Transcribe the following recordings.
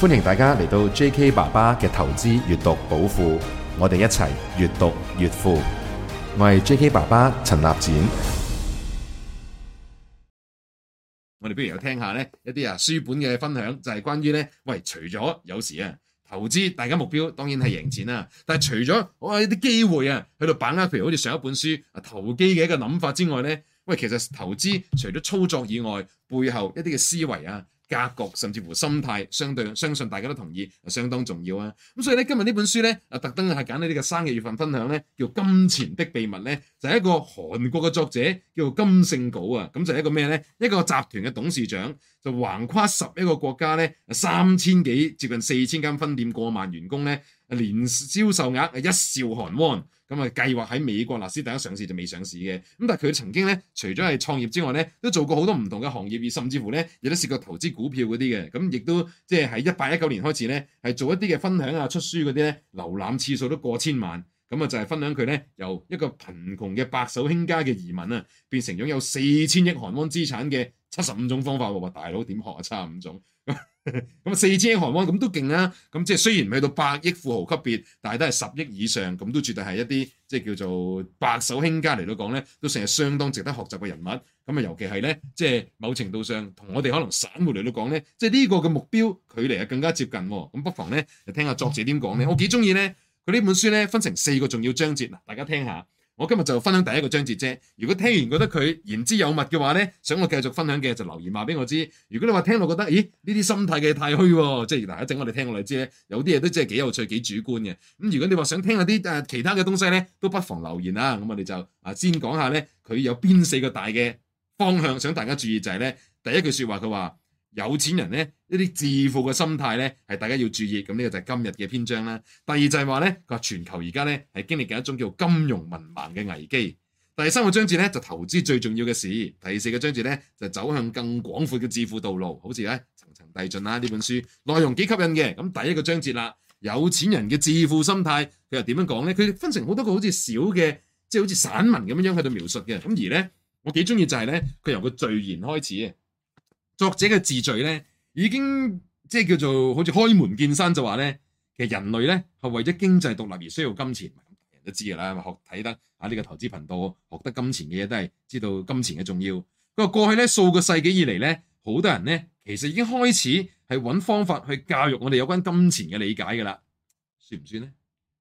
歡迎大家嚟到 J.K. 爸爸嘅投資閱讀寶庫，我哋一齊越讀越富。我係 J.K. 爸爸陳立展。我哋不如有聽一下咧一啲啊書本嘅分享，就係關於咧喂，除咗有時啊投資，大家目標當然係贏錢啦。但係除咗哇一啲機會啊，喺度把握，譬如好似上一本書啊投機嘅一個諗法之外咧，喂，其實投資除咗操作以外，背後一啲嘅思維啊。格局甚至乎心態，相對相信大家都同意，相當重要啊！咁所以咧，今日呢本書咧，啊特登係揀呢個生日月份分享咧，叫《金錢的秘密》咧，就係、是、一個韓國嘅作者叫金聖稿啊，咁就係一個咩咧？一個集團嘅董事長，就橫跨十一個國家咧，三千幾接近四千間分店，過萬員工咧。年銷售額係一兆韓元咁啊，計劃喺美國納斯達克上市就未上市嘅，咁但係佢曾經咧，除咗係創業之外咧，都做過好多唔同嘅行業，甚至乎咧，亦都試過投資股票嗰啲嘅，咁亦都即係喺一八一九年開始咧，係做一啲嘅分享啊、出書嗰啲咧，瀏覽次數都過千萬，咁啊就係分享佢咧，由一個貧窮嘅白手興家嘅移民啊，變成擁有四千億韓元資產嘅。七十五種方法喎，大佬點學啊？七十五種咁咁 啊，四千億韓圜咁都勁啊！咁即係雖然去到百億富豪級別，但係都係十億以上，咁都絕對係一啲即係叫做白手興家嚟到講咧，都成日相當值得學習嘅人物。咁啊，尤其係咧，即係某程度上同我哋可能散戶嚟到講咧，即係呢個嘅目標距離啊更加接近喎、啊。咁不妨咧，就聽下作者點講咧。我幾中意咧，佢呢本書咧分成四個重要章節啊，大家聽下。我今日就分享第一個章節啫。如果聽完覺得佢言之有物嘅話呢，想我繼續分享嘅就留言話俾我知。如果你話聽落覺得，咦，呢啲心態嘅太虛喎，即係大家正我哋聽過嚟知呢有啲嘢都真係幾有趣、幾主觀嘅。咁、嗯、如果你話想聽下啲誒其他嘅東西呢，都不妨留言啦、啊。咁我哋就啊先講下呢，佢有邊四個大嘅方向，想大家注意就係呢：第一句説話佢話。有錢人呢，一啲致富嘅心態呢，係大家要注意。咁呢個就係今日嘅篇章啦。第二就係話呢，個全球而家呢，係經歷緊一種叫金融文盲嘅危機。第三個章節呢，就投資最重要嘅事。第四個章節呢，就走向更廣闊嘅致富道路，好似呢層層遞進啦。啊，呢本書內容幾吸引嘅。咁第一個章節啦，有錢人嘅致富心態，佢又點樣講呢？佢分成好多個好似小嘅，即係好似散文咁樣樣喺度描述嘅。咁而呢，我幾中意就係呢，佢由個序言開始。作者嘅自序咧，已經即係叫做好似開門見山就話咧，其實人類咧，係為咗經濟獨立而需要金錢，大家都知嘅啦。學睇得啊呢個投資頻道，學得金錢嘅嘢都係知道金錢嘅重要。不過過去咧，數個世紀以嚟咧，好多人咧，其實已經開始係揾方法去教育我哋有關金錢嘅理解嘅啦，算唔算咧？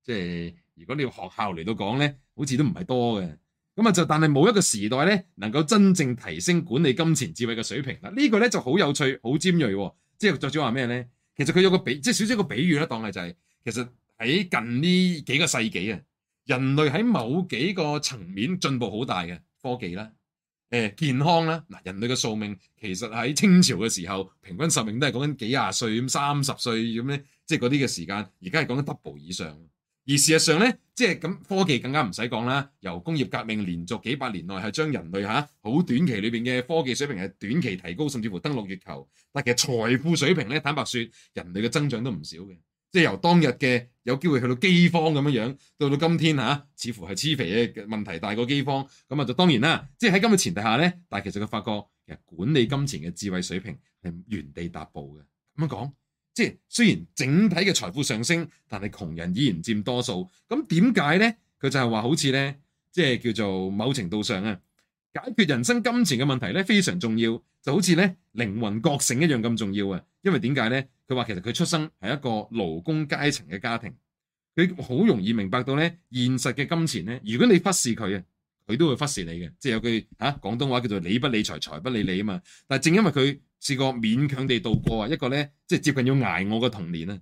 即係如果你學校嚟到講咧，好似都唔係多嘅。咁啊，就但係冇一個時代咧，能夠真正提升管理金錢智慧嘅水平啦。這個、呢個咧就好有趣，好尖銳喎、啊。即係作者話咩咧？其實佢有個比，即係少少個比喻咧、啊，當係就係、是、其實喺近呢幾個世紀啊，人類喺某幾個層面進步好大嘅科技啦，誒、呃、健康啦。嗱，人類嘅壽命其實喺清朝嘅時候，平均壽命都係講緊幾廿歲咁，三十歲咁咧，即係嗰啲嘅時間，而家係講緊 double 以上。而事實上呢，即係咁，科技更加唔使講啦。由工業革命連續幾百年內係將人類喺好短期裏邊嘅科技水平係短期提高，甚至乎登陸月球。但其實財富水平呢，坦白說，人類嘅增長都唔少嘅。即係由當日嘅有機會去到饑荒咁樣樣，到到今天嚇、啊，似乎係癡肥嘅問題大過饑荒。咁啊，就當然啦，即係喺咁嘅前提下呢，但其實佢發覺其實管理金錢嘅智慧水平係原地踏步嘅。咁樣講。即係雖然整體嘅財富上升，但係窮人依然佔多數。咁點解呢？佢就係話好似呢，即係叫做某程度上啊，解決人生金錢嘅問題呢，非常重要。就好似呢靈魂覺醒一樣咁重要啊！因為點解呢？佢話其實佢出生係一個勞工階層嘅家庭，佢好容易明白到呢現實嘅金錢呢，如果你忽視佢啊，佢都會忽視你嘅。即係有句嚇、啊、廣東話叫做理不理財，財不理你啊嘛。但係正因為佢試過勉強地度過一個咧，即係接近要捱我嘅童年啊。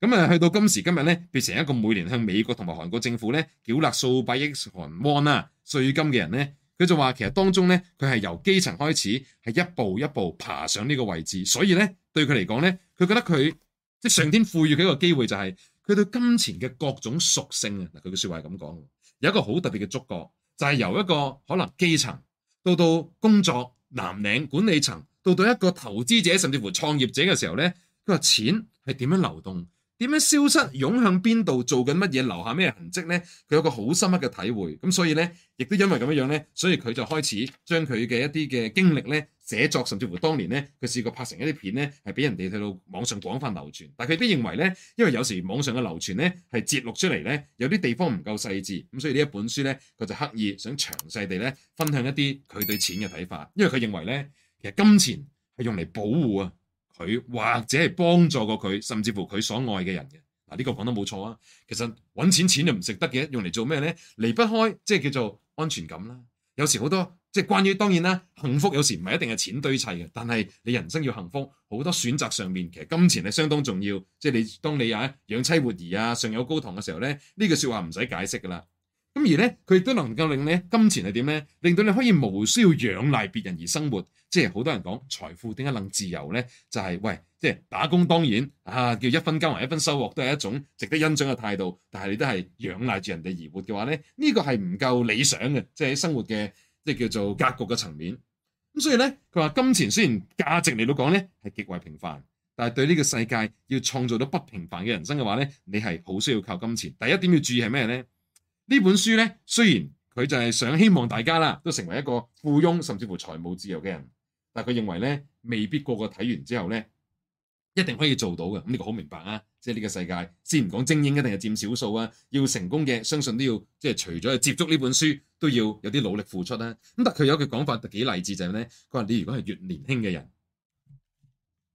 咁啊，去到今時今日咧，變成一個每年向美國同埋韓國政府咧繳納數百億韓元啊稅金嘅人咧，佢就話其實當中咧，佢係由基層開始，係一步一步爬上呢個位置，所以咧，對佢嚟講咧，佢覺得佢即係上天賦予佢一個機會就係、是、佢對金錢嘅各種屬性啊。嗱，佢嘅說話係咁講，有一個好特別嘅觸覺，就係、是、由一個可能基層到到工作南嶺管理層。到到一個投資者甚至乎創業者嘅時候呢，佢話錢係點樣流動，點樣消失，湧向邊度，做緊乜嘢，留下咩痕跡呢，佢有一個好深刻嘅體會，咁所以呢，亦都因為咁樣樣呢，所以佢就開始將佢嘅一啲嘅經歷呢寫作，甚至乎當年呢，佢試過拍成一啲片呢，係俾人哋睇到網上廣泛流傳。但佢都認為呢，因為有時網上嘅流傳呢係節錄出嚟呢，有啲地方唔夠細緻，咁所以呢一本書呢，佢就刻意想詳細地呢分享一啲佢對錢嘅睇法，因為佢認為呢。其實金錢係用嚟保護啊佢或者係幫助過佢，甚至乎佢所愛嘅人嘅嗱，呢個講得冇錯啊。其實搵錢，錢就唔食得嘅，用嚟做咩咧？離不開即係叫做安全感啦。有時好多即係關於當然啦，幸福有時唔係一定係錢堆砌嘅，但係你人生要幸福，好多選擇上面其實金錢係相當重要。即係你當你啊養妻活兒啊上有高堂嘅時候咧，呢句說話唔使解釋噶啦。咁而咧，佢亦都能夠令你金錢係點咧？令到你可以無需要仰賴別人而生活，即係好多人講財富點解能自由咧？就係、是、喂，即係打工當然啊，叫一分耕耘一分收穫都係一種值得欣賞嘅態度。但係你都係仰賴住人哋而活嘅話咧，呢個係唔夠理想嘅，就是，即係生活嘅即係叫做格局嘅層面。咁所以咧，佢話金錢雖然價值嚟到講咧係極為平凡，但係對呢個世界要創造到不平凡嘅人生嘅話咧，你係好需要靠金錢。第一點要注意係咩咧？呢本書咧，雖然佢就係想希望大家啦，都成為一個富翁，甚至乎財務自由嘅人，但係佢認為咧，未必個個睇完之後咧，一定可以做到嘅。咁、這、呢個好明白啊，即係呢個世界，先唔講精英，一定係佔少數啊。要成功嘅，相信都要即係除咗去接觸呢本書，都要有啲努力付出啦、啊。咁但佢有一句講法，幾勵志就係、是、咧，佢話你如果係越年輕嘅人，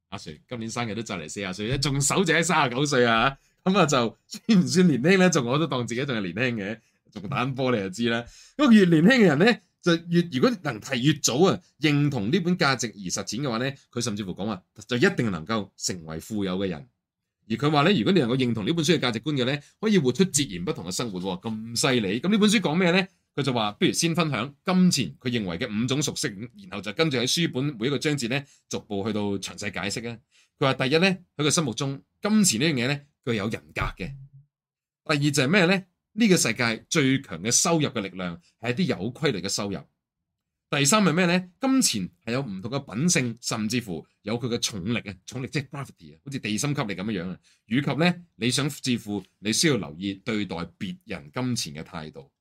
阿 Sir 今年生日都就嚟四十歲啦，仲守住喺三十九歲啊！咁啊，就算唔算年輕咧？仲我都當自己仲係年輕嘅，仲打緊波，你就知啦。咁、那個、越年輕嘅人咧，就越如果能提越早啊，認同呢本價值而實踐嘅話咧，佢甚至乎講話、啊、就一定能夠成為富有嘅人。而佢話咧，如果你能夠認同呢本書嘅價值觀嘅咧，可以活出截然不同嘅生活、哦，咁犀利。咁呢本書講咩咧？佢就話不如先分享金錢，佢認為嘅五種屬性，然後就跟住喺書本每一個章節咧，逐步去到詳細解釋啊。佢話第一咧，喺佢心目中，金錢呢樣嘢咧。具有人格嘅。第二就係咩呢？呢個世界最強嘅收入嘅力量係一啲有規律嘅收入。第三係咩呢？金錢係有唔同嘅品性，甚至乎有佢嘅重力啊，重力即係 gravity 啊，好似地心吸力咁樣樣。以及呢，你想致富，你需要留意對待別人金錢嘅態度。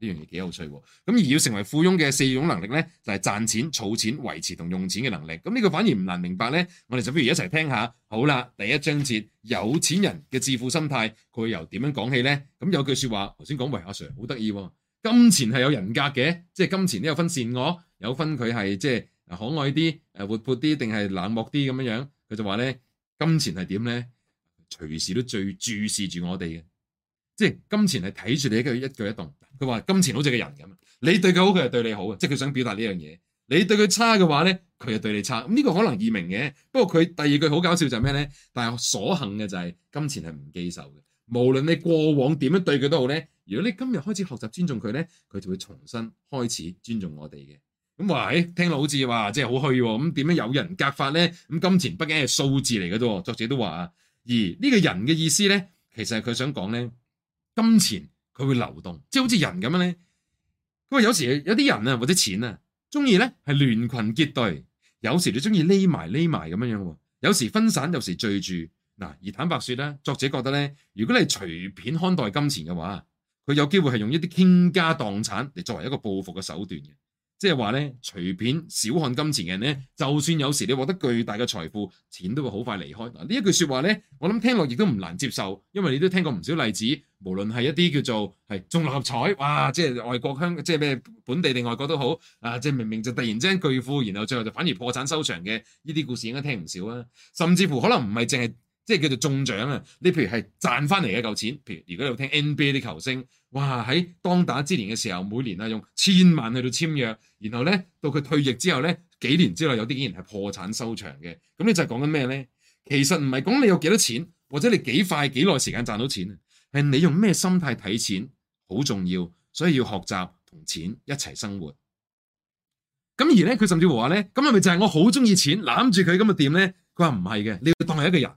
呢樣嘢幾有趣喎！咁而要成為富翁嘅四種能力呢，就係、是、賺錢、儲錢、維持同用錢嘅能力。咁、這、呢個反而唔難明白呢。我哋就不如一齊聽下。好啦，第一章節，有錢人嘅致富心態，佢會由點樣講起呢？咁有句説話頭先講，喂阿 Sir 好得意喎，金錢係有人格嘅，即係金錢都有分善惡，有分佢係即係、啊、可愛啲、誒、啊、活潑啲定係冷漠啲咁樣樣。佢就話呢：「金錢係點呢？隨時都最注視住我哋嘅。即係金錢係睇住你一句一舉一動。佢話金錢好似個人咁，你對佢好，佢係對你好，即係佢想表達呢樣嘢。你對佢差嘅話咧，佢係對你差。咁、這、呢個可能易明嘅，不過佢第二句好搞笑就係咩咧？但係所幸嘅就係金錢係唔記仇嘅，無論你過往點樣對佢都好咧。如果你今日開始學習尊重佢咧，佢就會重新開始尊重我哋嘅。咁話誒，聽落好似話即係好虛喎。咁點樣有人格化咧？咁金錢畢竟係數字嚟嘅啫。作者都話啊，而呢個人嘅意思咧，其實係佢想講咧。金錢佢會流動，即係好似人咁樣咧。咁啊，有時有啲人啊或者錢啊，中意咧係聯群結隊，有時你中意匿埋匿埋咁樣樣，有時分散，有時聚住嗱。而坦白說咧，作者覺得咧，如果你係隨便看待金錢嘅話，佢有機會係用一啲傾家蕩產嚟作為一個報復嘅手段嘅。即係話咧，隨便小看金錢嘅人咧，就算有時你獲得巨大嘅財富，錢都會好快離開。嗱，呢一句説話咧，我諗聽落亦都唔難接受，因為你都聽過唔少例子。無論係一啲叫做係中六合彩，哇！即係外國香，即係咩本地定外國都好啊！即係明明就突然之間巨富，然後最後就反而破產收場嘅呢啲故事，應該聽唔少啊。甚至乎可能唔係淨係即係叫做中獎啊，你譬如係賺翻嚟嘅嚿錢，譬如如果你有聽 NBA 啲球星。哇！喺當打之年嘅時候，每年啊用千萬去到簽約，然後咧到佢退役之後咧幾年之內，有啲竟然係破產收場嘅。咁你就係講緊咩咧？其實唔係講你有幾多錢，或者你幾快幾耐時間賺到錢，係你用咩心態睇錢好重要。所以要學習同錢一齊生活。咁而咧，佢甚至話咧，咁係咪就係我好中意錢攬住佢咁嘅掂咧？佢話唔係嘅，你要當係一個人。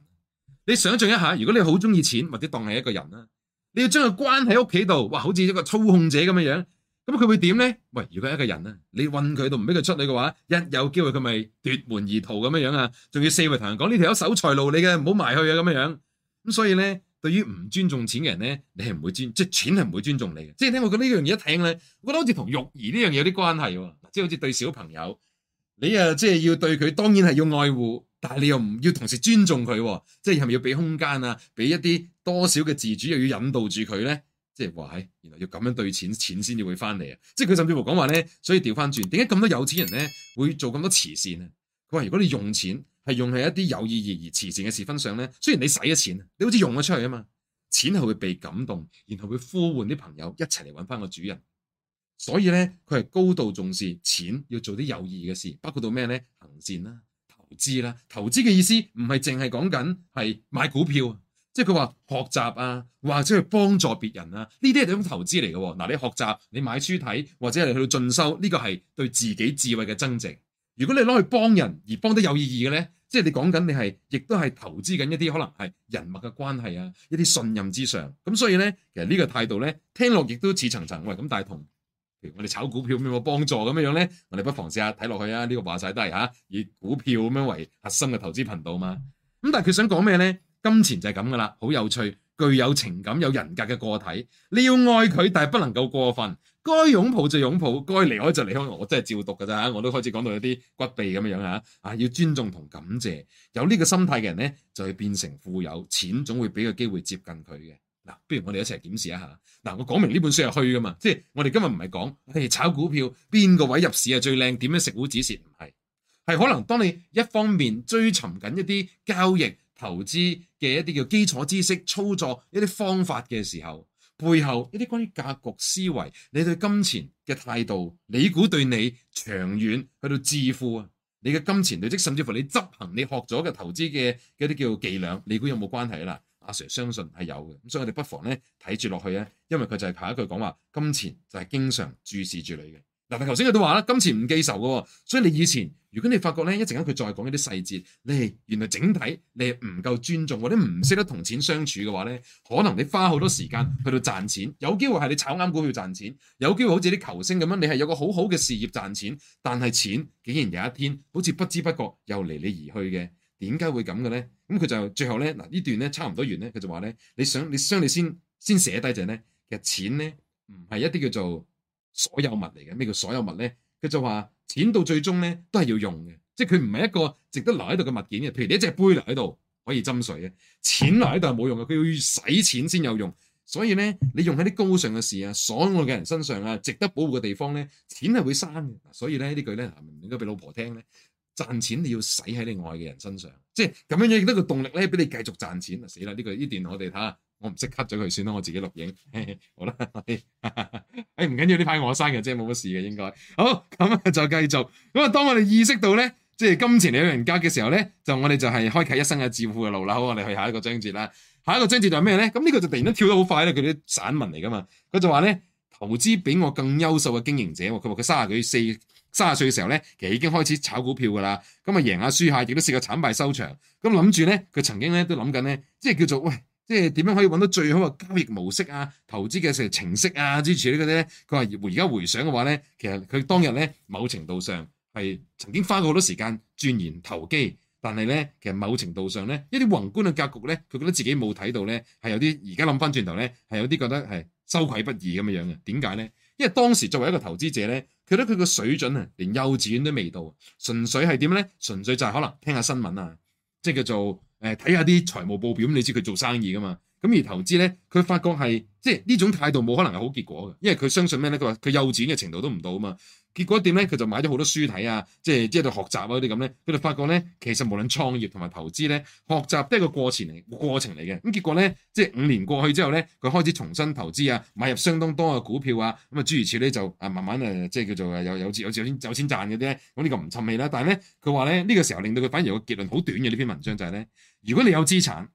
你想象一下，如果你好中意錢，或者當係一個人啦。你要將佢關喺屋企度，哇，好似一個操控者咁樣樣，咁佢會點咧？喂，如果一個人咧，你困佢都唔俾佢出嚟嘅話，一有機會佢咪奪門而逃咁樣樣啊？仲要四圍同人講呢條友守財奴，這個、你嘅，唔好埋去啊咁樣樣。咁所以咧，對於唔尊重錢嘅人咧，你係唔會尊，即、就、係、是、錢係唔會尊重你嘅。即係咧，我覺得呢樣嘢一聽咧，我覺得好似同育兒呢樣嘢有啲關係喎。即、就、係、是、好似對小朋友，你啊，即、就、係、是、要對佢，當然係要愛護。但係你又唔要同時尊重佢，哦，即係係咪要俾空間啊？俾一啲多少嘅自主，又要引導住佢咧？即係話原來要咁樣對錢，錢先至會翻嚟啊！即係佢甚至乎講話咧，所以調翻轉，點解咁多有錢人咧會做咁多慈善啊？佢話如果你用錢係用喺一啲有意義而慈善嘅事分上咧，雖然你使咗錢啊，你好似用咗出去啊嘛，錢係會被感動，然後會呼喚啲朋友一齊嚟揾翻個主人。所以咧，佢係高度重視錢要做啲有意義嘅事，包括到咩咧？行善啦、啊。投資嘅意思唔係淨係講緊係買股票，即係佢話學習啊，或者去幫助別人啊，呢啲係一種投資嚟嘅。嗱，你學習，你買書睇，或者係去到進修，呢個係對自己智慧嘅增值。如果你攞去幫人而幫得有意義嘅呢，即係你講緊你係亦都係投資緊一啲可能係人脈嘅關係啊，一啲信任之上。咁所以呢，其實呢個態度呢，聽落亦都似層層，喂，咁大同。我哋炒股票有冇幫助咁樣樣咧？我哋不妨試下睇落去啊！呢個話晒都係吓，以股票咁樣為核心嘅投資頻道嘛。咁但係佢想講咩咧？金錢就係咁噶啦，好有趣，具有情感、有人格嘅個體，你要愛佢，但係不能夠過分，該擁抱就擁抱，該離開就離開。我真係照讀噶咋，我都開始講到有啲骨痹咁樣樣吓啊，要尊重同感謝，有呢個心態嘅人咧，就會變成富有，錢總會俾個機會接近佢嘅。嗱、啊，不如我哋一齊檢視一下。嗱、啊，我講明呢本書係虛噶嘛，即係我哋今日唔係講誒炒股票邊個位入市啊，最靚，點樣食股指示。唔係，係可能當你一方面追尋緊一啲交易投資嘅一啲叫基礎知識操作一啲方法嘅時候，背後一啲關於格局思維，你對金錢嘅態度，你估對你長遠去到致富啊，你嘅金錢累積，甚至乎你執行你學咗嘅投資嘅一啲叫伎倆，你估有冇關係啊？阿 Sir 相信係有嘅，咁所以我哋不妨咧睇住落去咧，因為佢就係下一句講話，金錢就係經常注視住你嘅。嗱，但頭先佢都話啦，金錢唔記仇嘅喎、哦，所以你以前如果你發覺咧一陣間佢再講一啲細節，你係原來整體你係唔夠尊重或者唔識得同錢相處嘅話咧，可能你花好多時間去到賺錢，有機會係你炒啱股票賺錢，有機會好似啲球星咁樣，你係有個好好嘅事業賺錢，但係錢竟然有一天好似不知不覺又離你而去嘅。點解會咁嘅咧？咁佢就最後咧，嗱呢段咧差唔多完咧，佢就話咧，你想你先你先先寫低只咧，其實錢咧唔係一啲叫做所有物嚟嘅。咩叫所有物咧？佢就話錢到最終咧都係要用嘅，即係佢唔係一個值得留喺度嘅物件嘅。譬如你一隻杯留喺度可以斟水嘅，錢留喺度係冇用嘅，佢要使錢先有用。所以咧，你用喺啲高尚嘅事啊，所愛嘅人身上啊，值得保護嘅地方咧，錢係會生嘅。所以咧呢句咧，係咪應該俾老婆聽咧。賺錢你要使喺你愛嘅人身上，即係咁樣樣亦都個動力咧，俾你繼續賺錢。死啦！呢個呢段我哋睇下，我唔識 cut 咗佢算啦，我自己錄影。嘿嘿，好啦，誒唔、哎、唔緊要，呢排我生嘅，即係冇乜事嘅應該。好，咁啊，再繼續。咁啊，當我哋意識到咧，即係金錢係有人格嘅時候咧，就我哋就係開啟一生嘅致富嘅路啦。好，我哋去下一個章節啦。下一個章節就係咩咧？咁呢個就突然都跳得好快咧，佢啲散文嚟噶嘛。佢就話咧，投資比我更優秀嘅經營者，佢話佢卅幾四。三十歲嘅時候咧，其實已經開始炒股票噶啦，咁啊贏下輸下，亦都試過慘敗收場。咁諗住咧，佢曾經咧都諗緊咧，即係叫做喂，即係點樣可以揾到最好嘅交易模式啊，投資嘅成程式啊之馀嗰啲咧，佢話而而家回想嘅話咧，其實佢當日咧某程度上係曾經花過好多時間鑽研投機，但係咧其實某程度上咧一啲宏觀嘅格局咧，佢覺得自己冇睇到咧，係有啲而家諗翻轉頭咧，係有啲覺得係羞愧不已咁嘅樣嘅。點解咧？因為當時作為一個投資者咧，佢咧，佢個水準啊，連幼稚園都未到，純粹係點咧？純粹就係可能聽下新聞啊，即係叫做誒睇下啲財務報表，你知佢做生意㗎嘛？咁而投資咧，佢發覺係即係呢種態度冇可能係好結果嘅，因為佢相信咩咧？佢話佢幼稚園嘅程度都唔到啊嘛。結果點咧？佢就買咗好多書睇啊，即係即係喺度學習啊啲咁咧。佢就、啊、發覺咧，其實無論創業同埋投資咧，學習都係個過程嚟，過程嚟嘅。咁結果咧，即係五年過去之後咧，佢開始重新投資啊，買入相當多嘅股票啊。咁啊，諸如此類就啊，慢慢誒，即係叫做誒，有有有錢有錢賺嘅啫。咁、這、呢個唔出奇啦。但係咧，佢話咧呢、這個時候令到佢反而有個結論好短嘅呢篇文章就係咧，如果你有資產，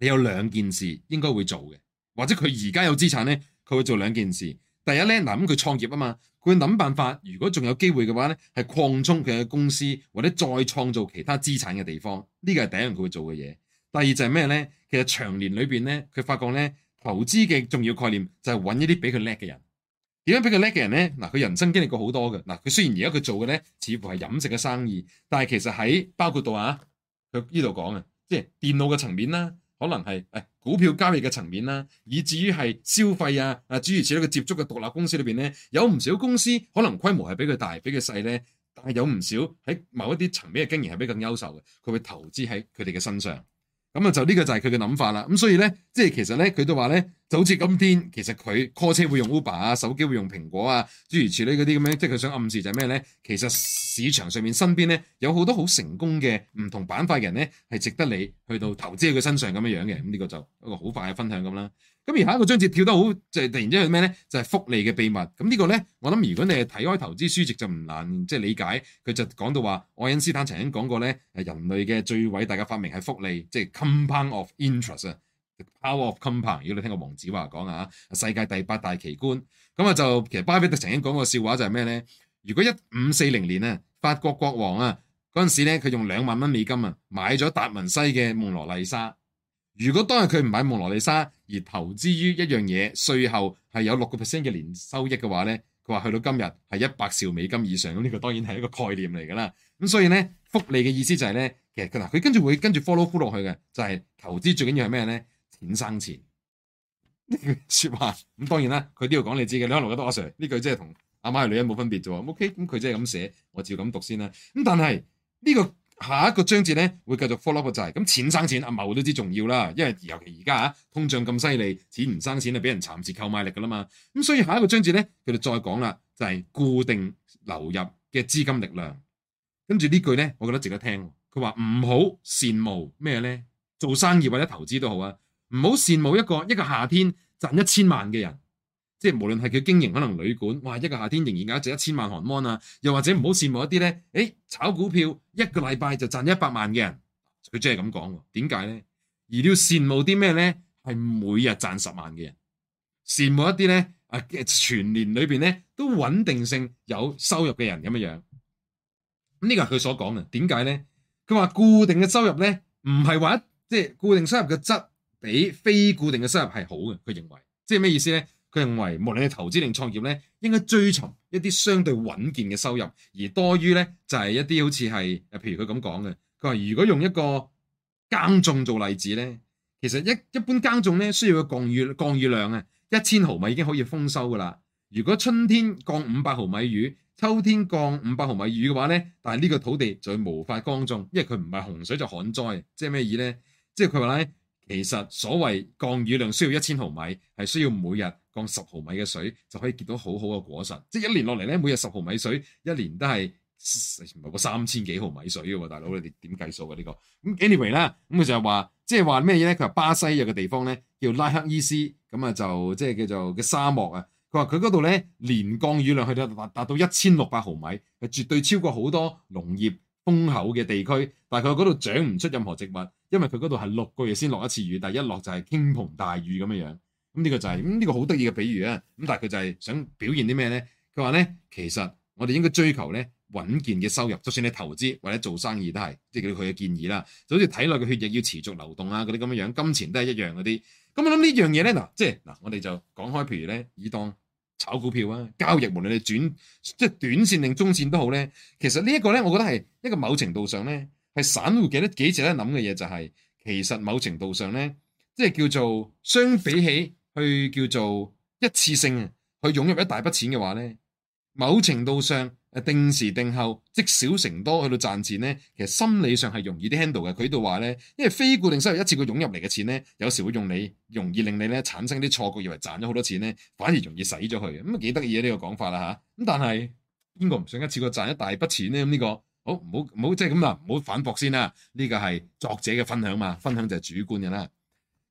你有兩件事應該會做嘅，或者佢而家有資產咧，佢會做兩件事。第一咧，嗱咁佢創業啊嘛，佢會諗辦法。如果仲有機會嘅話咧，係擴充佢嘅公司，或者再創造其他資產嘅地方，呢個係第一樣佢會做嘅嘢。第二就係咩咧？其實長年裏邊咧，佢發覺咧，投資嘅重要概念就係揾一啲比佢叻嘅人。點樣比佢叻嘅人咧？嗱，佢人生經歷過好多嘅。嗱，佢雖然而家佢做嘅咧，似乎係飲食嘅生意，但係其實喺包括到啊，佢呢度講啊，即係電腦嘅層面啦，可能係誒。哎股票交易嘅層面啦，以至於係消費啊啊諸如此類嘅接觸嘅獨立公司裏邊咧，有唔少公司可能規模係比佢大，比佢細咧，但係有唔少喺某一啲層面嘅經營係比較優秀嘅，佢會投資喺佢哋嘅身上。咁啊，就呢個就係佢嘅諗法啦。咁所以咧，即係其實咧，佢都話咧，就好似今天，其實佢 call 車會用 Uber 啊，手機會用蘋果啊，諸如此類嗰啲咁樣，即係佢想暗示就係咩咧？其實市場上面身邊咧，有好多好成功嘅唔同板塊嘅人咧，係值得你去到投資喺佢身上咁樣樣嘅。咁，嗯，呢個就一個好快嘅分享咁啦。咁而下一個章節跳得好，就係、是、突然之間係咩咧？就係、是、複利嘅秘密。咁呢個咧，我諗如果你係睇開投資書籍就唔難，即、就、係、是、理解佢就講到話，愛因斯坦曾經講過咧，誒，人類嘅最偉大嘅發明係複利，即、就、係、是、compound of interest power of compound。如果你聽過黃子華講啊，世界第八大奇觀。咁啊就其實巴菲特曾經講過個笑話就係咩咧？如果一五四零年啊，法國國王啊嗰陣時咧，佢用兩萬蚊美金啊買咗達文西嘅蒙羅麗莎。如果當日佢唔買蒙羅利莎而投資於一樣嘢，稅後係有六個 percent 嘅年收益嘅話咧，佢話去到今日係一百兆美金以上，咁、這、呢個當然係一個概念嚟噶啦。咁、嗯、所以咧，複利嘅意思就係、是、咧，其實嗱，佢跟住會跟住 follow follow 落去嘅，就係、是、投資最緊要係咩咧？錢生錢。呢 句說話，咁、嗯、當然啦，佢都要講你知嘅。你可能覺得阿 Sir 呢句即係同阿媽嘅女人冇分別啫。OK，咁佢即係咁寫，我照咁讀先啦。咁但係呢、這個。下一個章節咧會繼續 follow 落，個就係咁錢生錢，阿茂都知重要啦，因為尤其而家啊通脹咁犀利，錢唔生錢就俾人蠶食購買力噶啦嘛，咁所以下一個章節咧佢哋再講啦，就係固定流入嘅資金力量，跟住呢句咧，我覺得值得聽，佢話唔好羨慕咩咧？做生意或者投資都好啊，唔好羨慕一個一個夏天賺一千萬嘅人。即係無論係佢經營可能旅館，哇一個夏天仍然價值一千萬韓元啊！又或者唔好羨慕一啲咧，誒、欸、炒股票一個禮拜就賺一百萬嘅人，佢即係咁講，點解咧？而你要羨慕啲咩咧？係每日賺十萬嘅人，羨慕一啲咧啊！全年裏邊咧都穩定性有收入嘅人咁樣樣，呢個係佢所講嘅。點解咧？佢話固定嘅收入咧唔係話即係固定收入嘅質比非固定嘅收入係好嘅，佢認為，即係咩意思咧？佢認為，無論係投資定創業咧，應該追尋一啲相對穩健嘅收入，而多於咧就係一啲好似係誒，譬如佢咁講嘅。佢話：如果用一個耕種做例子咧，其實一一般耕種咧需要嘅降雨降雨量啊，一千毫米已經可以豐收噶啦。如果春天降五百毫米雨，秋天降五百毫米雨嘅話咧，但係呢個土地就會無法耕種，因為佢唔係洪水就旱災，即係咩意思咧？即係佢話咧。其實所謂降雨量需要一千毫米，係需要每日降十毫米嘅水就可以結到好好嘅果實。即係一年落嚟咧，每日十毫米水，一年都係唔係過三千幾毫米水啊，大佬你哋點計數啊呢個？咁 anyway 啦，咁佢就係、是、話，即係話咩嘢咧？佢話巴西有一個地方咧叫拉克伊斯，咁啊就即係、就是、叫做嘅沙漠啊。佢話佢嗰度咧年降雨量去到達達到一千六百毫米，係絕對超過好多農業豐厚嘅地區，但係佢嗰度長唔出任何植物。因為佢嗰度係六個月先落一次雨，但係一落就係傾盆大雨咁樣樣，咁、這、呢個就係咁呢個好得意嘅比喻啊！咁但係佢就係想表現啲咩咧？佢話咧，其實我哋應該追求咧穩健嘅收入，就算你投資或者做生意都係，即係佢嘅建議啦。就好似體內嘅血液要持續流動啊，嗰啲咁樣樣，金錢都係一樣嗰啲。咁我諗呢樣嘢咧，嗱即係嗱我哋就講開，譬如咧以當炒股票啊、交易，無論你轉即係短線定中線都好咧，其實呢一個咧，我覺得係一個某程度上咧。係散戶記得幾時咧諗嘅嘢就係、是，其實某程度上咧，即係叫做相比起去叫做一次性啊，去湧入一大筆錢嘅話咧，某程度上誒定時定後積少成多去到賺錢咧，其實心理上係容易啲 handle 嘅。佢度話咧，因為非固定收入一次過湧入嚟嘅錢咧，有時會用你容易令你咧產生啲錯覺，以為賺咗好多錢咧，反而容易使咗佢。咁幾得意嘅呢個講法啦吓，咁但係邊個唔想一次過賺一大筆錢咧？咁、這、呢個。好唔好唔好即係咁啦，唔好反駁先啦。呢個係作者嘅分享嘛，分享就係主觀嘅啦。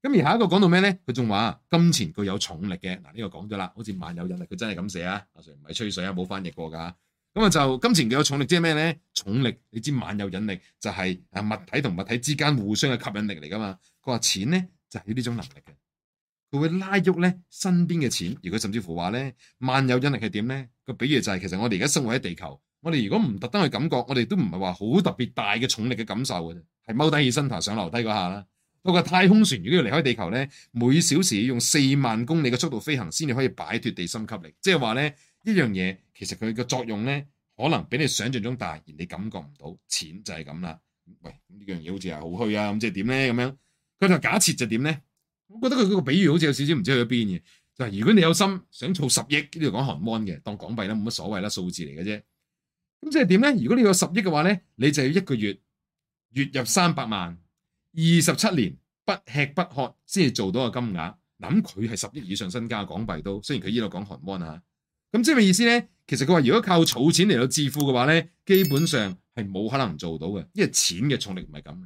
咁而下一個講到咩咧？佢仲話金錢具有重力嘅嗱，呢個講咗啦，好似萬有引力，佢真係咁寫啊，阿 Sir 唔係吹水啊，冇翻譯過㗎。咁啊就金錢具有重力，即係咩咧？重力你知萬有引力就係啊物體同物體之間互相嘅吸引力嚟㗎嘛。佢話錢咧就係呢種能力嘅，佢會拉喐咧身邊嘅錢。而佢甚至乎話咧，萬有引力係點咧？個比喻就係其實我哋而家生活喺地球。我哋如果唔特登去感覺，我哋都唔係話好特別大嘅重力嘅感受嘅啫，係踎低起身爬上樓梯嗰下啦。嗰、嗰個太空船如果要離開地球咧，每小時要用四萬公里嘅速度飛行先至可以擺脱地心吸力。即係話咧，呢樣嘢其實佢嘅作用咧，可能比你想象中大，而你感覺唔到。錢就係咁啦。喂，呢樣嘢好似係好虛啊，咁即係點咧？咁樣佢就假設就點咧？我覺得佢嗰個比喻好似有少少唔知去咗邊嘅。就係、如果你有心想湊十億，跟住講韓元嘅，當港幣都冇乜所謂啦，數字嚟嘅啫。咁即係點咧？如果你有十億嘅話咧，你就要一個月月入三百萬，二十七年不吃不喝先至做到個金額。諗佢係十億以上身家港幣都，雖然佢依度講韓文啊，咁即係咩意思咧？其實佢話如果靠儲錢嚟到致富嘅話咧，基本上係冇可能做到嘅，因為錢嘅重力唔係咁嘅。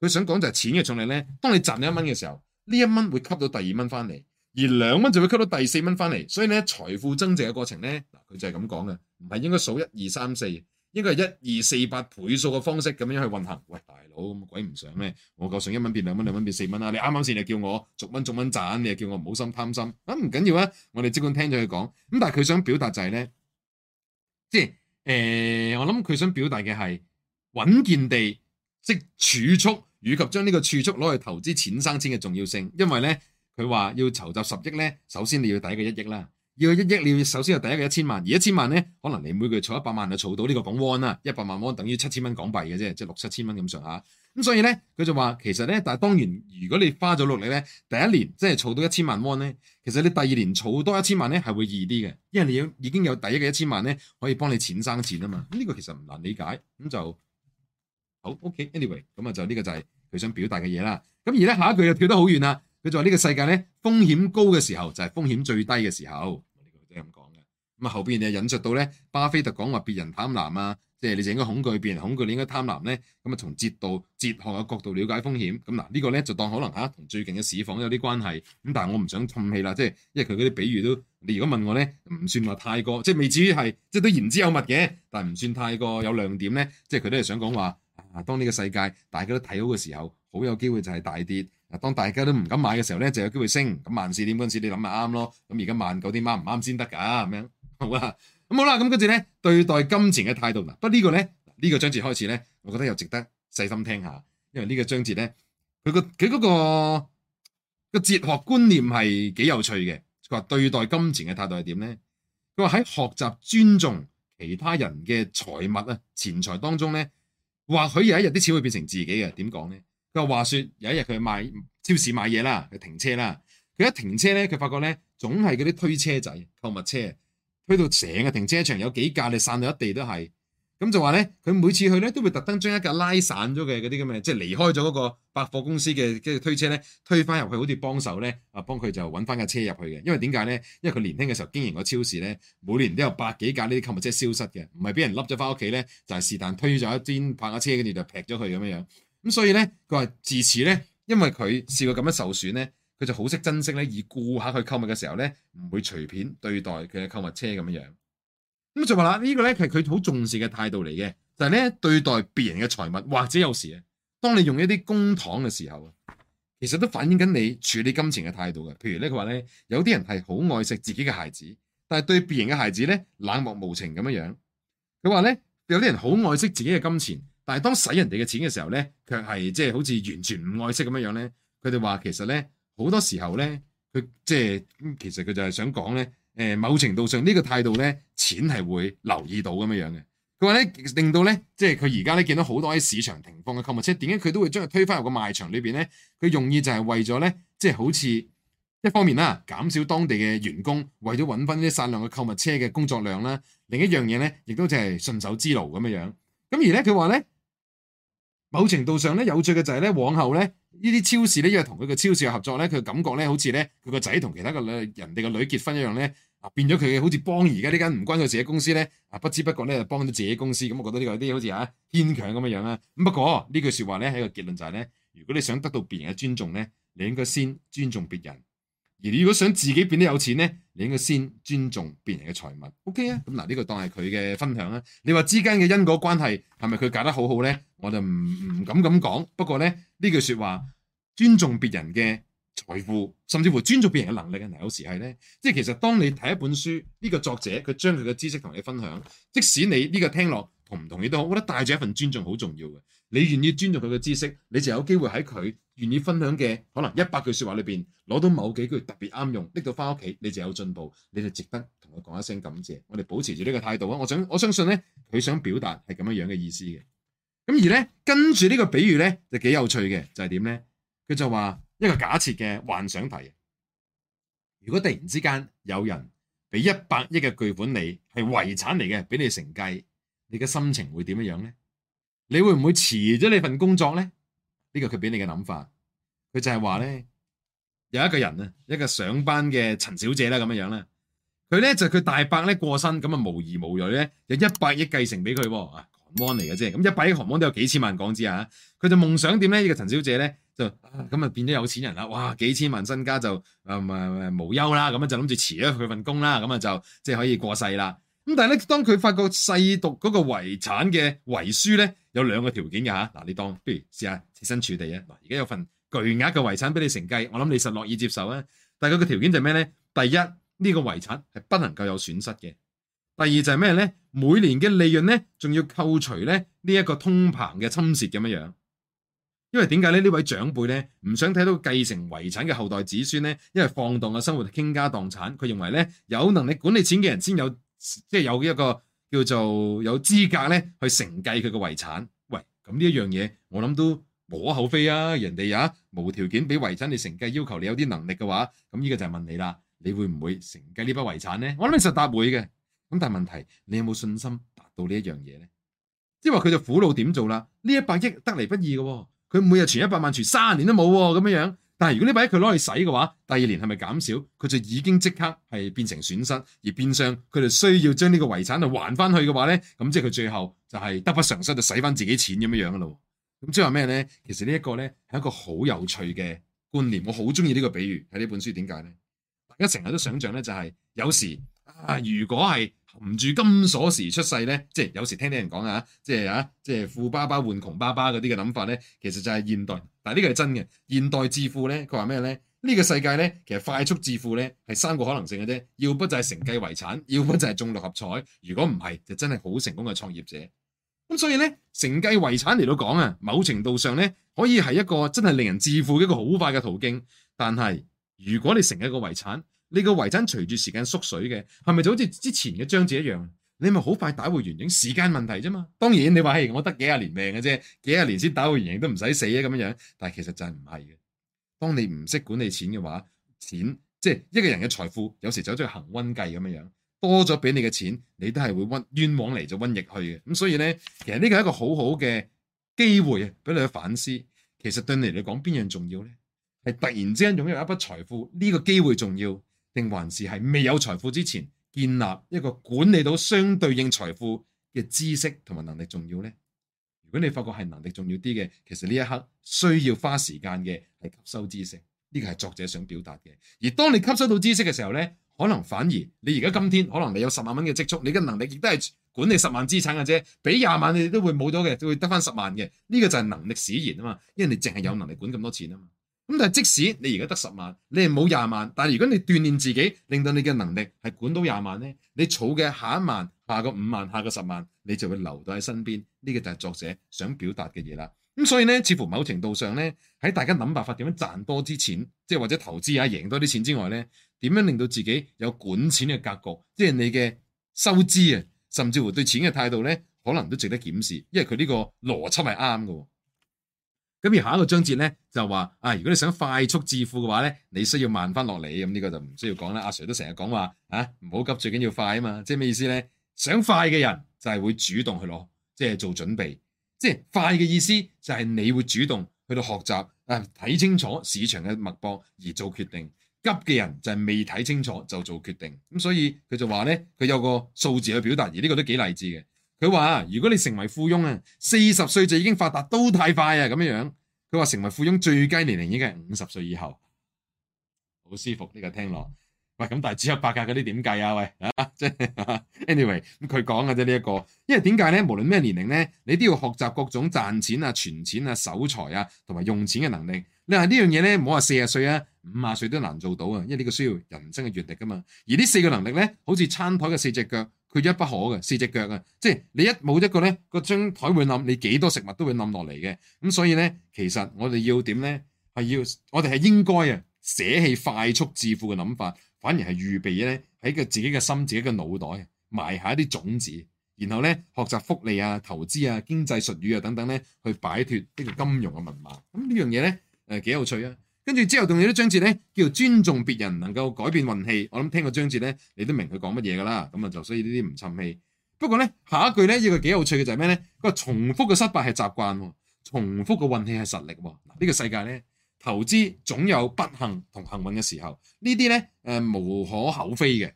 佢想講就係錢嘅重力咧，當你賺一蚊嘅時候，呢一蚊會吸到第二蚊翻嚟。而兩蚊就會吸到第四蚊翻嚟，所以咧財富增值嘅過程咧，嗱佢就係咁講嘅，唔係應該數一二三四，應該係一二四八倍數嘅方式咁樣去運行。喂，大佬，咁鬼唔想咩？我夠想一蚊變兩蚊，兩蚊變四蚊啦！嗯、你啱啱先就叫我逐蚊逐蚊賺，你又叫我唔好心貪心，咁唔緊要啊！我哋即管聽咗佢講，咁但係佢想表達就係、是、咧，即係誒，我諗佢想表達嘅係穩健地即儲蓄，以及將呢個儲蓄攞去投資錢生錢嘅重要性，因為咧。佢話要籌集十億咧，首先你要第一個一億啦，要一億你要首先要第一個一千萬，而一千萬咧，可能你每個月儲一百萬就儲到呢個港窩啦，一百萬窩等於七千蚊港幣嘅啫，即係六七千蚊咁上下。咁所以咧，佢就話其實咧，但係當然，如果你花咗落嚟咧，第一年即係儲到一千萬窩咧，其實你第二年儲多一千萬咧係會易啲嘅，因為你要已經有第一個一千萬咧可以幫你錢生錢啊嘛。呢個其實唔難理解。咁就好，OK，anyway，okay，咁啊就呢個就係佢想表達嘅嘢啦。咁而咧下一句又跳得好遠啦。佢就話呢個世界咧，風險高嘅時候就係風險最低嘅時候，即係咁講嘅。咁啊後面你引述到咧，巴菲特講話別人貪婪啊，即係你應該恐懼別人恐懼，你應該貪婪咧。咁啊從哲道哲學嘅角度了解風險。咁嗱呢個咧就當可能嚇同最近嘅市況有啲關係。咁但係我唔想氹氣啦，即係因為佢嗰啲比喻都，你如果問我咧，唔算話太過，即係未至於係，即係都言之有物嘅，但係唔算太過有亮點呢，即係佢都係想講話。啊！當呢個世界大家都睇好嘅時候，好有機會就係大跌。嗱，當大家都唔敢買嘅時候咧，就有機會升。咁萬四點嗰陣時你，你諗下啱咯？咁而家萬九點啱唔啱先得噶？咁樣好啊？咁好啦，咁跟住咧，對待金錢嘅態度嗱，不過呢個咧呢個章節開始咧，我覺得又值得細心聽下，因為呢個章節咧，佢、嗰個佢、嗰個個哲學觀念係幾有趣嘅。佢話對待金錢嘅態度係點咧？佢話喺學習尊重其他人嘅財物啊，錢財當中咧。或許有一日啲錢會變成自己嘅，點講咧？佢話說有一日佢買超市買嘢啦，佢停車啦，佢一停車咧，佢發覺咧，總係嗰啲推車仔、購物車，推到成個停車場有幾架，你散到一地都係。咁就話咧，佢每次去咧，都會特登將一架拉散咗嘅嗰啲咁嘅，即係離開咗嗰個百貨公司嘅即係推車咧，推翻入去，好似幫手咧，啊幫佢就揾翻架車入去嘅。因為點解咧？因為佢年輕嘅時候經營個超市咧，每年都有百幾架呢啲購物車消失嘅，唔係俾人笠咗翻屋企咧，就係是但推咗一啲泊架車跟住就劈咗佢咁樣樣。咁所以咧，佢話自此咧，因為佢試過咁樣受損咧，佢就好識珍惜咧，以顧客去購物嘅時候咧，唔會隨便對待佢嘅購物車咁樣樣。咁就話啦，呢個咧係佢好重視嘅態度嚟嘅，就係咧對待別人嘅財物，或者有時咧，當你用一啲公帑嘅時候，其實都反映緊你處理金錢嘅態度嘅。譬如咧，佢話咧，有啲人係好愛惜自己嘅孩子，但係對別人嘅孩子咧冷漠無情咁樣樣。佢話咧，有啲人好愛惜自己嘅金錢，但係當使人哋嘅錢嘅時候咧，卻係即係好似完全唔愛惜咁樣樣咧。佢哋話其實咧，好多時候咧，佢即係其實佢就係想講咧。誒、這個，某程度上呢個態度咧，錢係會留意到咁樣樣嘅。佢話咧，令到咧，即係佢而家咧見到好多喺市場停放嘅購物車，點解佢都會將佢推返入個賣場裏邊咧？佢用意就係為咗咧，即係好似一方面啦，減少當地嘅員工為咗揾返啲散量嘅購物車嘅工作量啦。另一樣嘢咧，亦都就係順手之勞咁樣樣。咁而咧，佢話咧，某程度上咧，有趣嘅就係咧，往後咧。呢啲超市咧，因為同佢個超市嘅合作咧，佢感覺咧好似咧佢個仔同其他個女人哋個女結婚一樣咧，啊變咗佢好似幫而家呢間唔關佢自己公司咧，啊不知不覺咧就幫咗自己公司，咁我覺得呢個啲好似啊牽強咁樣樣啦。咁不過句呢句說話咧係一個結論就係、是、咧，如果你想得到別人嘅尊重咧，你應該先尊重別人。而你如果想自己變得有錢呢，你應該先尊重別人嘅財物，OK 啊？咁嗱，呢個當係佢嘅分享啦，啊。你話之間嘅因果關係係咪佢搞得好好呢？我就唔唔敢咁講。不過呢，呢句説話尊重別人嘅財富，甚至乎尊重別人嘅能力啊，有時係呢，即係其實當你睇一本書，呢、呢個作者佢將佢嘅知識同你分享，即使你呢個聽落同唔同意都好，我覺得帶住一份尊重好重要嘅。你願意尊重佢嘅知識，你就有機會喺佢願意分享嘅可能一百句說話裏邊，攞到某幾句特別啱用，拎到翻屋企，你就有進步，你就值得同佢講一聲感謝。我哋保持住呢個態度啊！我想我相信咧，佢想表達係咁樣樣嘅意思嘅。咁而咧，跟住呢個比喻咧就幾有趣嘅，就係點咧？佢就話一個假設嘅幻想題，如果突然之間有人俾一百億嘅巨款你，係遺產嚟嘅，俾你承繼，你嘅心情會點樣呢？你會唔會辭咗你份工作咧？呢個佢俾你嘅諗法，佢就係話咧，有一個人啊，一個上班嘅陳小姐啦，咁樣樣啦，佢咧就佢、是、大伯咧過身，咁啊無兒無女咧，就一百億繼承俾佢，啊，韓圜嚟嘅啫，咁一百億韓圜都有幾千萬港紙、這個、啊，佢就夢想點咧？呢個陳小姐咧就咁啊變咗有錢人啦，哇，幾千萬身家就啊啊啊無憂啦，咁啊就諗住辭咗佢份工啦，咁啊就即係可以過世啦。咁但係咧，當佢發覺細讀嗰個遺產嘅遺書咧。有兩個條件嘅吓，嗱、啊、你當，不如試下設身處地啊！嗱，而家有份巨額嘅遺產俾你承繼，我諗你實樂意接受啊！但係佢嘅條件就係咩咧？第一，呢個遺產係不能夠有損失嘅；第二就係咩咧？每年嘅利潤咧，仲要扣除咧呢一個通膨嘅侵蝕咁樣樣。因為點解咧？呢位長輩咧，唔想睇到繼承遺產嘅後代子孫咧，因為放蕩嘅生活傾家蕩產。佢認為咧，有能力管理錢嘅人先有，即係有一個。叫做有資格咧去承繼佢嘅遺產，喂，咁呢一樣嘢我諗都無可厚非啊！人哋啊無條件俾遺產你承繼，要求你有啲能力嘅話，咁呢個就係問你啦，你會唔會承繼呢筆遺產咧？我諗你實達會嘅，咁但係問題你有冇信心達到呢一樣嘢咧？即係話佢就苦惱點做啦？呢一百億得嚟不易嘅、哦，佢每日存一百萬存三十年都冇喎、哦，咁樣樣。但係如果呢筆佢攞去使嘅話，第二年係咪減少？佢就已經即刻係變成損失，而變相佢哋需要將呢個遺產去還翻去嘅話咧，咁即係佢最後就係得不償失，就使翻自己錢咁樣樣咯。咁即係話咩咧？其實呢一個咧係一個好有趣嘅觀念，我好中意呢個比喻喺呢本書。點解咧？大家成日都想象咧就係有時啊，如果係。唔住金鎖匙出世咧，即係有時聽啲人講啊，即係啊，即係富爸爸換窮爸爸嗰啲嘅諗法咧，其實就係現代，但係呢個係真嘅。現代致富咧，佢話咩咧？呢個世界咧，其實快速致富咧係三個可能性嘅啫。要不就係承繼遺產，要不就係中六合彩。如果唔係，就真係好成功嘅創業者。咁所以咧，承繼遺產嚟到講啊，某程度上咧可以係一個真係令人致富嘅一個好快嘅途徑。但係如果你成一個遺產，你個遺產隨住時間縮水嘅，係咪就好似之前嘅章節一樣？你咪好快打回原形，時間問題啫嘛。當然你話係我得幾廿年命嘅啫，幾廿年先打回原形都唔使死啊咁樣樣。但係其實就係唔係嘅。當你唔識管理錢嘅話，錢即係、就是、一個人嘅財富，有時走咗去行瘟計咁樣樣，多咗俾你嘅錢，你都係會瘟冤枉嚟就瘟疫去嘅。咁所以咧，其實呢個係一個好好嘅機會，俾你去反思。其實對你嚟講邊樣重要咧？係突然之間擁有一筆財富，呢、這個機會重要。定還是係未有財富之前，建立一個管理到相對應財富嘅知識同埋能力重要呢？如果你發覺係能力重要啲嘅，其實呢一刻需要花時間嘅係吸收知識，呢個係作者想表達嘅。而當你吸收到知識嘅時候呢，可能反而你而家今天可能你有十萬蚊嘅積蓄，你嘅能力亦都係管理十萬資產嘅啫，俾廿萬你都會冇咗嘅，都會得翻十萬嘅。呢個就係能力使然啊嘛，因為你淨係有能力管咁多錢啊嘛。咁但係即使你而家得十萬，你係冇廿萬，但係如果你鍛煉自己，令到你嘅能力係管到廿萬呢，你儲嘅下一萬、下個五萬、下個十萬，你就會留到喺身邊。呢個就係作者想表達嘅嘢啦。咁、嗯、所以呢，似乎某程度上呢，喺大家諗辦法點樣賺多啲錢，即係或者投資啊，贏多啲錢之外呢，點樣令到自己有管錢嘅格局，即係你嘅收支啊，甚至乎對錢嘅態度呢，可能都值得檢視，因為佢呢個邏輯係啱㗎。咁而下一個章節咧就話啊，如果你想快速致富嘅話咧，你需要慢翻落嚟。咁、這、呢個就唔需要講啦。阿、啊、Sir 都成日講話啊，唔好急，最緊要快啊嘛。即係咩意思咧？想快嘅人就係會主動去攞，即係做準備。即係快嘅意思就係你會主動去到學習啊，睇清楚市場嘅脈搏而做決定。急嘅人就係未睇清楚就做決定。咁、嗯、所以佢就話咧，佢有個數字去表達，而呢個都幾勵志嘅。佢話如果你成為富翁啊，四十歲就已經發達都太快啊，咁樣樣。佢話成為富翁最低年齡已經係五十歲以後，好舒服呢、呢個聽落。喂，咁但係只有八格嗰啲點計啊？喂，啊，即係 anyway，咁佢講嘅啫呢一個，因為點解咧？無論咩年齡咧，你都要學習各種賺錢啊、存錢啊、守財啊同埋用錢嘅能力。你話呢樣嘢咧，唔好話四十歲啊，五啊歲都難做到啊，因為呢個需要人生嘅閱歷噶嘛。而呢四個能力咧，好似餐台嘅四隻腳。缺一不可嘅，四隻腳嘅、啊，即係你一冇一個咧，個張台會冧，你幾多食物都會冧落嚟嘅。咁所以咧，其實我哋要點咧，係要我哋係應該啊，捨棄快速致富嘅諗法，反而係預備咧喺佢自己嘅心、自己嘅腦袋埋下一啲種子，然後咧學習福利啊、投資啊、經濟術語啊等等咧，去擺脫呢個金融嘅文盲。咁呢樣嘢咧，誒、呃、幾有趣啊！跟住之後仲有啲章節咧，叫尊重別人能夠改變運氣。我諗聽個章節咧，你都明佢講乜嘢㗎喇。咁啊，就所以呢啲唔沉氣。不過咧，下一句咧，要佢幾有趣嘅就係咩咧？個重複嘅失敗係習慣，重複嘅運氣係實力。嗱，呢個世界咧，投資總有不幸同幸運嘅時候，呢啲咧誒無可厚非嘅。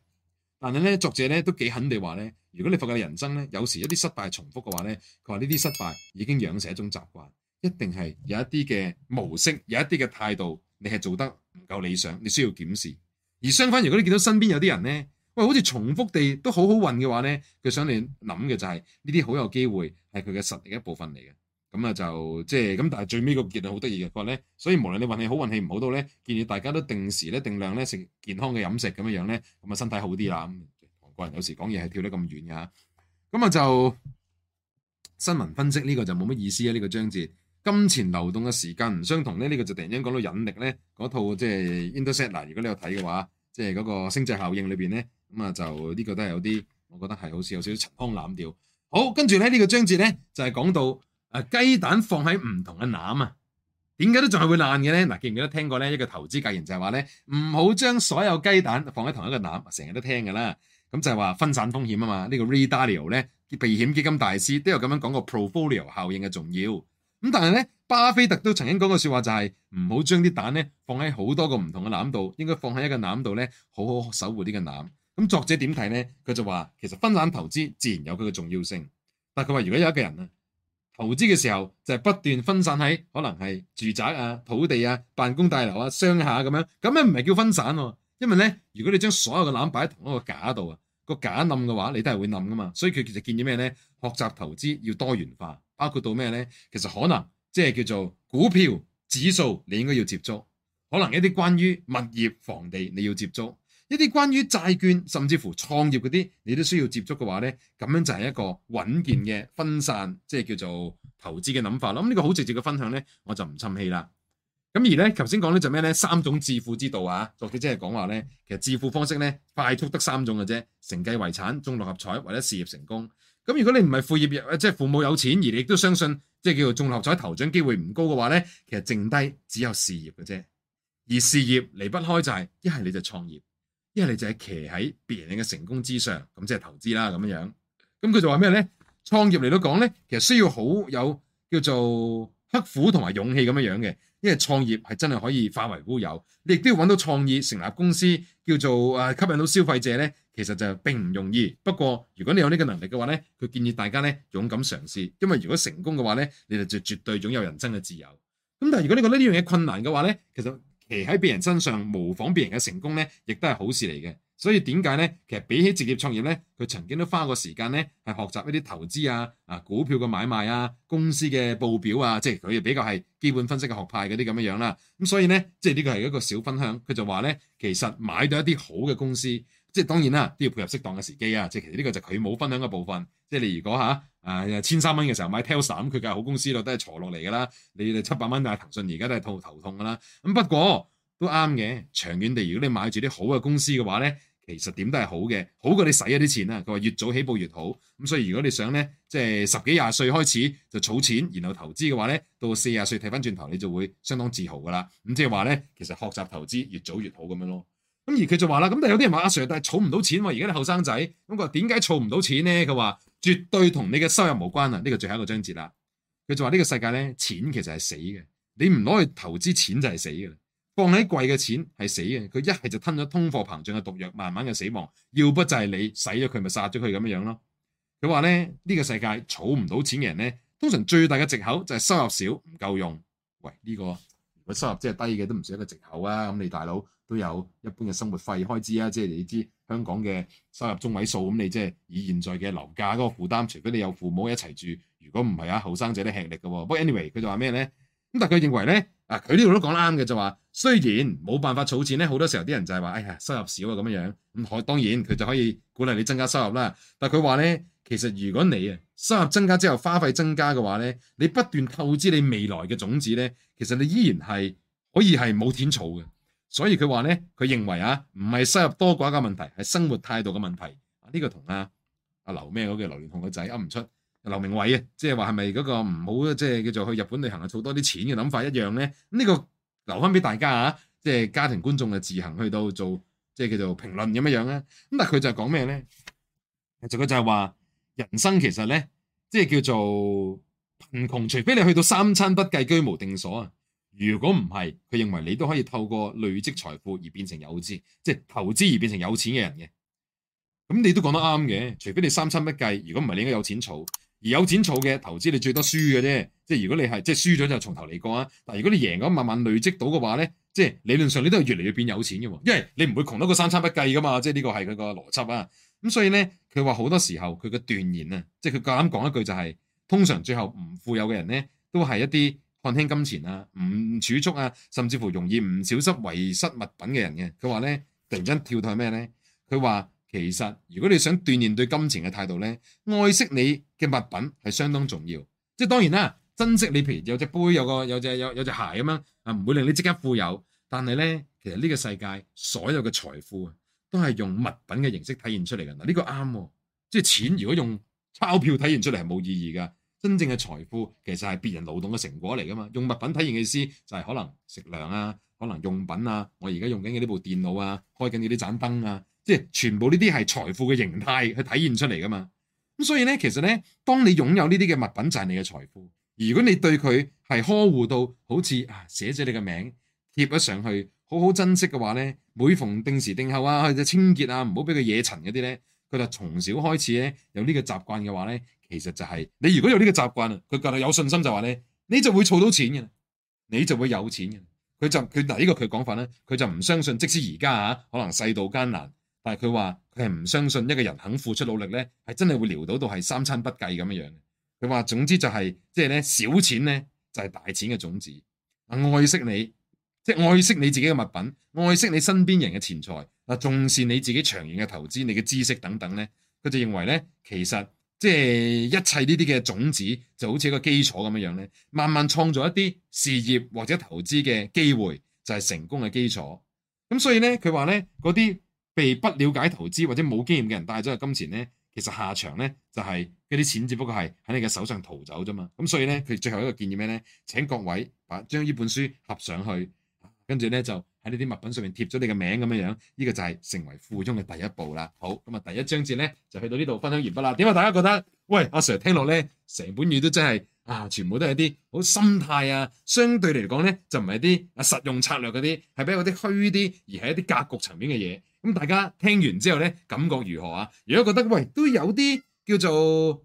但係咧，作者咧都幾肯定話咧，如果你發覺人生咧有時一啲失敗重複嘅話咧，佢話呢啲失敗已經養成一種習慣。一定係有一啲嘅模式，有一啲嘅態度，你係做得唔夠理想，你需要檢視。而相反，如果你見到身邊有啲人咧，喂，好似重複地都好好運嘅話咧，佢想你諗嘅就係呢啲好有機會係佢嘅實力一部分嚟嘅。咁啊就即係咁，但係最尾個結論好得意嘅，佢話咧，所以無論你運氣好運氣唔好到咧，建議大家都定時咧、定量咧食健康嘅飲食咁樣樣咧，咁啊身體好啲啦。咁韓國人有時講嘢係跳得咁遠嘅吓，咁啊就新聞分析呢個就冇乜意思啊呢個章節。金錢流動嘅時間唔相同咧，呢、這個就突然之間講到引力咧，嗰套即係 Interstellar 嗱。如果你有睇嘅話，即係嗰個星際效應裏邊咧，咁啊就呢個都係有啲，我覺得係好似有少少陳腔濫調。好，跟住咧呢、這個章節咧就係、是、講到誒、啊、雞蛋放喺唔同嘅籃啊，點解都仲係會爛嘅咧？嗱，記唔記得聽過咧一個投資格言就係話咧，唔好將所有雞蛋放喺同一個籃，成日都聽㗎啦。咁就係話分散風險啊嘛。呢、這個 Ray Dalio 咧避險基金大師都有咁樣講過 portfolio 效應嘅重要。咁但係咧，巴菲特都曾經講過說話，就係唔好將啲蛋咧放喺好多個唔同嘅籃度，應該放喺一個籃度咧，好好守護呢個籃。咁作者點睇咧？佢就話，其實分散投資自然有佢嘅重要性。但佢話，如果有一個人啊，投資嘅時候就係不斷分散喺可能係住宅啊、土地啊、辦公大樓啊、商廈咁樣，咁樣唔係叫分散啊？因為咧，如果你將所有嘅籃擺喺同一個架度啊，個架冧嘅話，你都係會冧噶嘛。所以佢其實建議咩咧？學習投資要多元化。包括到咩咧？其實可能即係叫做股票指數，你應該要接觸；可能一啲關於物業、房地，你要接觸；一啲關於債券，甚至乎創業嗰啲，你都需要接觸嘅話咧，咁樣就係一個穩健嘅分散，即係叫做投資嘅諗法咯。咁、嗯、呢、呢個好直接嘅分享咧，我就唔心氣啦。咁而咧，頭先講咧就咩咧？三種致富之道啊！作者即係講話咧，其實致富方式咧，快速得三種嘅啫：承繼遺產、中六合彩或者事業成功。咁如果你唔係副業，即係父母有錢，而你亦都相信即係叫做中六合彩頭獎機會唔高嘅話咧，其實剩低只有事業嘅啫。而事業離不開就係一係你就創業，一係你就係騎喺別人嘅成功之上，咁即係投資啦咁樣樣。咁佢就話咩咧？創業嚟到講咧，其實需要好有叫做刻苦同埋勇氣咁樣樣嘅。因為創業係真係可以化為烏有，你亦都要揾到創意成立公司，叫做誒吸引到消費者呢，其實就並唔容易。不過如果你有呢個能力嘅話呢，佢建議大家呢勇敢嘗試，因為如果成功嘅話呢，你就就絕對擁有人生嘅自由。咁但係如果你覺得呢樣嘢困難嘅話呢，其實騎喺別人身上模仿別人嘅成功呢，亦都係好事嚟嘅。所以點解咧？其實比起直接創業創業咧，佢曾經都花過時間咧，係學習一啲投資啊，啊股票嘅買賣啊，公司嘅報表啊，即係佢比較係基本分析嘅學派嗰啲咁樣樣、啊、啦。咁、嗯、所以咧，即係呢個係一個小分享。佢就話咧，其實買到一啲好嘅公司，即係當然啦，都要配合適當嘅時機啊。即係其實呢個就佢冇分享嘅部分。即係你如果吓啊千三蚊嘅時候買 Tesla 咁，佢嘅好公司咯，都係坐落嚟噶啦。你哋七百蚊，但係騰訊而家都係套頭痛噶啦。咁不過都啱嘅，長遠地如果你買住啲好嘅公司嘅話咧。其實點都係好嘅，好過你使一啲錢啦、啊。佢話越早起步越好，咁所以如果你想咧，即係十幾廿歲開始就儲錢，然後投資嘅話咧，到四十歲睇翻轉頭，你就會相當自豪噶啦。咁即係話咧，其實學習投資越早越好咁樣咯。咁而佢就話啦，咁但係有啲人話阿 Sir，但係儲唔到錢喎，而家啲後生仔咁。佢話點解儲唔到錢咧？佢話絕對同你嘅收入冇關啊！呢個最後一個章節啦，佢就話呢個世界咧，錢其實係死嘅，你唔攞去投資，錢就係死嘅。放喺櫃嘅錢係死嘅，佢一係就吞咗通貨膨脹嘅毒藥，慢慢嘅死亡。要不就係你使咗佢，咪殺咗佢咁樣樣咯。佢話咧，呢個世界儲唔到錢嘅人咧，通常最大嘅藉口就係收入少唔夠用。喂，呢個如果收入即係低嘅，都唔算一個藉口啊。咁你大佬都有一般嘅生活費開支啊，即係你知香港嘅收入中位數咁，你即係以現在嘅樓價嗰個負擔，除非你有父母一齊住，如果唔係啊，後生仔都吃力嘅啊。不過 anyway，佢就話咩咧？咁但佢認為咧。啊！佢呢度都講得啱嘅，就話雖然冇辦法儲錢咧，好多時候啲人就係話：哎呀，收入少啊咁樣。咁可當然佢就可以鼓勵你增加收入啦。但係佢話咧，其實如果你啊收入增加之後，花費增加嘅話咧，你不斷透支你未來嘅種子咧，其實你依然係可以係冇錢儲嘅。所以佢話咧，佢認為啊，唔係收入多寡嘅問題，係生活態度嘅問題。呢、啊呢個同阿阿劉咩嗰、嗰個劉鑾雄嘅仔噏唔出。劉明偉啊，即係話係咪嗰個唔好，即係叫做去日本旅行啊，儲多啲錢嘅諗法一樣咧？呢個留翻俾大家啊，即係家庭觀眾嘅自行去到做，即係叫做評論咁樣樣咧。咁但佢就講咩咧？就佢就係話，人生其實咧，即係叫做貧窮，除非你去到三餐不繼、居無定所啊。如果唔係，佢認為你都可以透過累積財富而變成有資，即係投資而變成有錢嘅人嘅。咁你都講得啱嘅，除非你三餐不繼，如果唔係，你應該有錢儲。而有錢儲嘅投資，你最多輸嘅啫。即係如果你係即係輸咗，就從頭嚟過啊。但係如果你贏咗，慢慢累積到嘅話咧，即係理論上你都係越嚟越變有錢嘅喎。因為你唔會窮得個三餐不計噶嘛。即係呢個係佢個邏輯啊。咁所以咧，佢話好多時候佢嘅斷言啊，即係佢啱啱講一句就係、是，通常最後唔富有嘅人咧，都係一啲看輕金錢啊、唔儲蓄啊，甚至乎容易唔小心遺失物品嘅人嘅。佢話咧，突然間跳到係咩咧？佢話。其實如果你想鍛煉對金錢嘅態度呢，愛惜你嘅物品係相當重要。即係當然啦，珍惜你譬如有隻杯、有個有隻有有隻鞋咁樣啊，唔會令你即刻富有。但係呢，其實呢個世界所有嘅財富都係用物品嘅形式體現出嚟嘅。嗱，呢個啱。即係錢如果用鈔票體現出嚟係冇意義噶。真正嘅財富其實係別人勞動嘅成果嚟噶嘛。用物品體現嘅意思就係、是、可能食糧啊，可能用品啊。我而家用緊嘅呢部電腦啊，開緊嘅呢盞燈啊。即係全部呢啲係財富嘅形態去體現出嚟㗎嘛，咁所以咧，其實咧，當你擁有呢啲嘅物品就係你嘅財富。如果你對佢係呵護到好似啊寫咗你嘅名，貼咗上去，好好珍惜嘅話咧，每逢定時定候啊或者清潔啊，唔好俾佢惹塵嗰啲咧，佢就從小開始咧有呢個習慣嘅話咧，其實就係，你如果有呢個習慣啊，佢覺得有信心就話咧，你就會儲到錢嘅，你就會有錢嘅。佢就佢嗱呢個佢講法咧，佢就唔相信，即使而家吓可能世道艱難。但係佢話佢係唔相信一個人肯付出努力咧，係真係會撩到到係三餐不繼咁樣樣。佢話總之就係即係咧小錢咧就係大錢嘅種子。愛惜你，即係愛惜你自己嘅物品，愛惜你身邊人嘅錢財，啊，重視你自己長遠嘅投資、你嘅知識等等咧。佢就認為咧，其實即係一切呢啲嘅種子就好似一個基礎咁樣樣咧，慢慢創造一啲事業或者投資嘅機會，就係成功嘅基礎。咁所以咧，佢話咧嗰啲。被不了解投資或者冇經驗嘅人帶咗去金錢咧，其實下場咧就係嗰啲錢，只不過係喺你嘅手上逃走啫嘛。咁所以咧，佢最後一個建議咩咧？請各位把將呢本書合上去，跟住咧就喺呢啲物品上面貼咗你嘅名咁樣樣。呢、這個就係成為富翁嘅第一步啦。好，咁、嗯、啊，第一章節咧就去到呢度分享完畢啦。點解大家覺得喂阿、啊、Sir 聽落咧，成本語都真係啊，全部都係啲好心態啊。相對嚟講咧，就唔係啲啊實用策略嗰啲，係比較啲虛啲，而係一啲格局層面嘅嘢。咁大家聽完之後呢，感覺如何啊？如果覺得喂都有啲叫做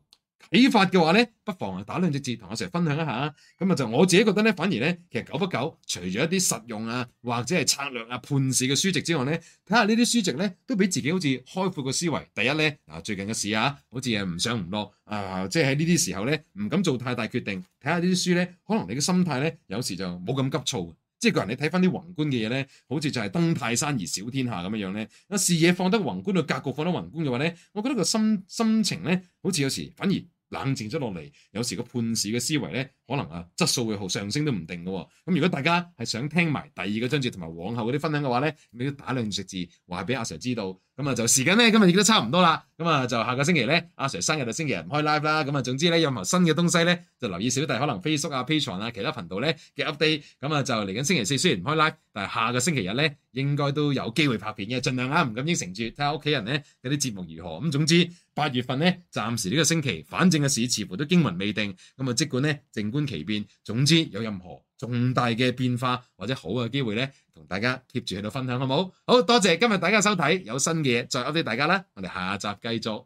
啟發嘅話呢，不妨打兩隻字同我一齊分享一下。咁啊，就我自己覺得呢，反而呢，其實久不久，除咗一啲實用啊或者係策略啊判事嘅書籍之外呢，睇下呢啲書籍呢，都俾自己好似開闊個思維。第一呢，嗱，最近嘅事啊，好似係唔想唔落，啊、呃，即係喺呢啲時候呢，唔敢做太大決定。睇下呢啲書呢，可能你嘅心態呢，有時就冇咁急躁。即係個人，你睇翻啲宏觀嘅嘢咧，好似就係登泰山而小天下咁樣樣咧。啊，視野放得宏觀，個格局放得宏觀嘅話咧，我覺得個心心情咧，好似有時反而。冷靜咗落嚟，有時個判事嘅思維咧，可能啊質素會好上升都唔定嘅喎、哦。咁如果大家係想聽埋第二個章節同埋往後嗰啲分享嘅話咧，你都打兩隻字話俾阿 Sir 知道。咁啊就時間咧今日亦都差唔多啦。咁啊就下個星期咧阿 Sir 生日就星期日唔開 live 啦。咁啊總之咧任何新嘅東西咧就留意小弟可能 Facebook 啊、Patreon 啊其他頻道咧嘅 update。咁啊就嚟緊星期四雖然唔開 live，但係下個星期日咧應該都有機會拍片嘅。盡量啊唔敢應承住，睇下屋企人咧有啲節目如何。咁總之。八月份呢，暫時呢個星期，反正嘅市似乎都驚魂未定，咁啊，即管呢靜觀其變。總之有任何重大嘅變化或者好嘅機會呢，同大家 keep 住喺度分享，好唔好？好多謝今日大家收睇，有新嘅嘢再 update 大家啦，我哋下集繼續。